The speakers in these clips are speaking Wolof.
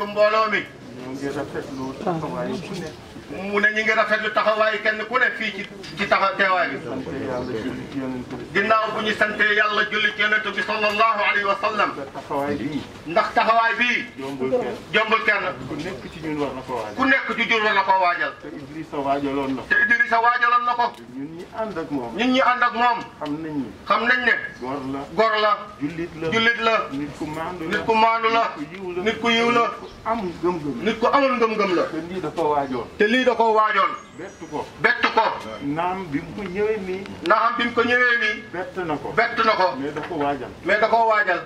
asalaamaaleykum mbooloo mi. mu ne ñu ngi rafetlu taxawaay kenn ku ne fii ci ci taxaw teewaay bi. ginnaaw bu ñu sante yàlla julli ci yonent bi sallallahu alayhi wa sallam. ndax taxawaay bii. jombul kenn jombul kenn. ku nekk ci ñun war na ko waajal. ku nekk ci ñun war na ko waajal. te Idrissa waajaloon na ko. te Idrissa waajaloon na ko. ànd ak moom nit ñi ànd ak moom. xam nañ ne. xam nañ ne. gor la gor la. la jullit la. nit ku maandu la nit ku maandu la. nit ku yiw la am gëm-gëm nit ku amul gëm la. te lii da koo waajoon. te lii da koo waajoon. bett ko bett ko. naam bi mu ko ñëwee nii. naam bi mu ko ñëwee nii. bett na ko bett na ko. mais da koo waajal. mais da koo waajal.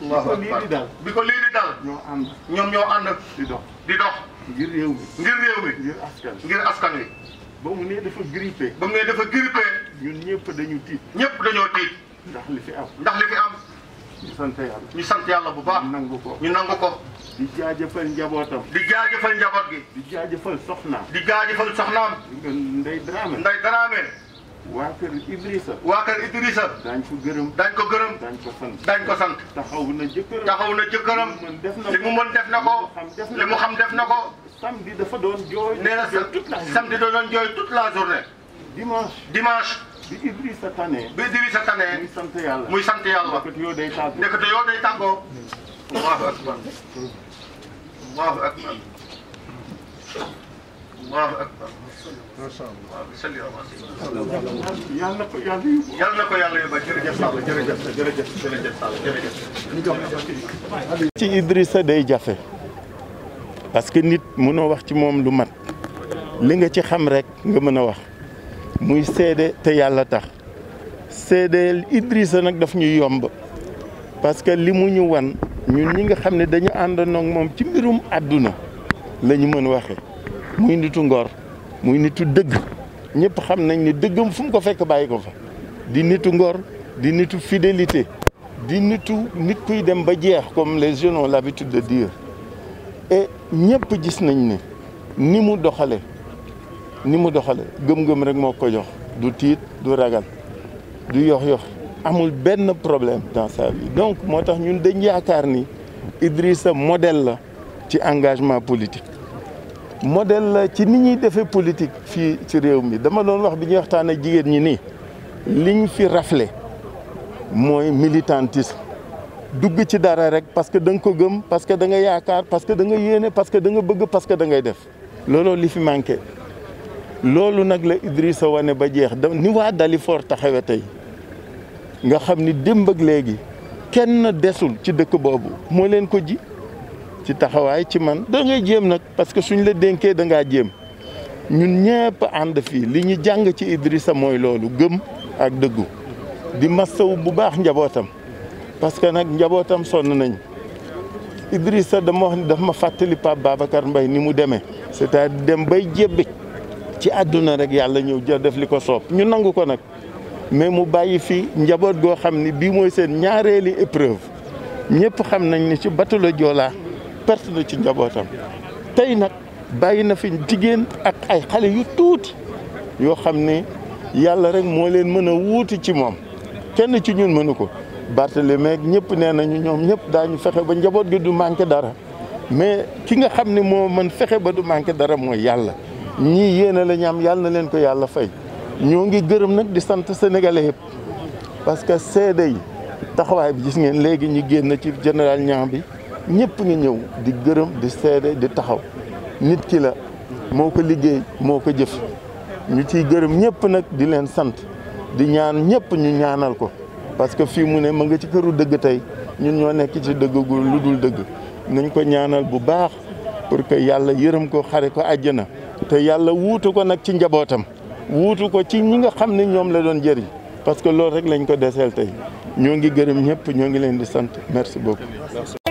bi ko lii di dal bi ko lii di dal. ñoo ñoom ñoo ànd. di dox di dox. ngir réew mi ngir réew mi. ngir askan ngir askan wi. ba mu ne dafa grippé. ba mu ne dafa grippé. ñun ñëpp dañu tiit. ñëpp dañoo tiit. ndax li fi am. ndax li fi am. ñu sant yàlla. ñu sant yàlla bu baax. ñu nangu ko ñu nangu ko. di jaajëfal njabootam. di jaajëfal njaboot gi. di jaajëfal soxnaam. di jaajëfal soxnaam. Ndeye Dramé. Ndeye Dramé. waa kër Idrissa. waa kër Idrissa. daañ ko gërëm. daañ ko gërëm. daañ ko sant. daañ ko sant. taxaw na jëkkëram. taxaw na jëkkëram. li mu mën def na ko. li mu xam def na ko. samedi dafa doon jooy. nee na samedi da doon jooy bi Idrissa tane. muy sant yàlla muy sant yàlla. ndekete yoo day tàggoo ndekete yoo day tàggoo. Allahu akbar Allahu akbar ko yàlla yóbbu. yal na ko yàlla yóbbu jërëjëf Sall jërëjëf jërëjëf jërëjëf Sall jërëjëf. ci Idrissa day parce que nit mënoo wax ci moom lu mat li nga ci xam rek nga mën a wax muy seede te yàlla tax seedeel Idrissa nag daf ñuy yomb parce que li mu ñu wan ñun ñi nga xam ne dañu àndandoo ak moom ci mbirum àdduna la ñu mën waxe muy nitu ngor muy nitu dëgg ñëpp xam nañ ni dëggam fu mu ko fekk bàyyi ko fa di nitu ngor di nitu fidélité di nitu nit kuy dem ba jeex comme les jeunes ont l'habitude de dire ñëpp gis nañ ni ni mu doxale ni mu doxale gëm-gëm rek moo ko jox du tiit du ragal du yox-yox amul benn problème dans sa vie donc moo tax ñun dañ yaakaar ni Idrissa modèle la ci engagement politique modèle la ci ni ñuy defee politique fii ci réew mi dama doon wax bi ñuy waxtaan jigéen ñi nii liñ fi rafle mooy militantisme dugg ci dara rek parce que da nga ko gëm parce que da nga yaakaar parce que da yéene parce que da nga bëgg parce que da ngay def looloo li fi manqué loolu nag la Idrissa wane ba jeex da ni waa Dalifort taxawe tey nga xam ni démb ak léegi kenn desul ci dëkk boobu moo leen ko ji ci taxawaay ci man da ngay jéem nag parce que suñ la dénkee da ngaa jéem ñun ñëpp ànd fii li ñu jàng ci Idrissa mooy loolu gëm ak dëggu di masawu bu baax njabootam parce que nag njabootam sonna nañ Idrissa dama wax ni daf ma fàttali Pape Babacar mbay ni mu demee cest à dem bay jébbi ci àdduna rek yàlla ñëw ja def li ko soob ñu nangu ko nag mais mu bàyyi fii njaboot goo xam ni bii mooy seen ñaareeli épreuve ñëpp xam nañ ni ci batu la joolaa perte na ci njabootam tey nag bàyyi na fi jigéen ak ay xale yu tuuti yoo xam ni yàlla rek moo leen mën a wuuti ci moom kenn ci ñun mënu ko Barthélemy ak ñëpp nee nañu ñoom ñëpp daañu fexe ba njaboot gi du manqué dara mais ki nga xam ni moo man fexe ba du manqué dara mooy yàlla ñii yéene la ñu am yàlla na leen ko yàlla fay ñoo ngi gërëm nag di sant sénégalais yëpp parce que seede yi taxawaay bi gis ngeen léegi ñu génn ci général ñaam bi ñëpp ngi ñëw di gërëm di seede di taxaw nit ki la moo ko liggéey moo ko jëf ñu ciy gërëm ñëpp nag di leen sant di ñaan ñëpp ñu ñaanal ko parce que fii mu ne ma nga ci këru dëgg tey ñun ñoo nekk ci dëgg gu lu dul dëgg nañ ko ñaanal bu baax pour que yàlla yërëm ko xare ko àjjana te yàlla wuutu ko nag ci njabootam wuutu ko ci ñi nga xam ne ñoom la doon jëriñ parce que loolu rek lañ ko deseel tey ñoo ngi gërëm ñëpp ñoo ngi leen di sant merci beaucoup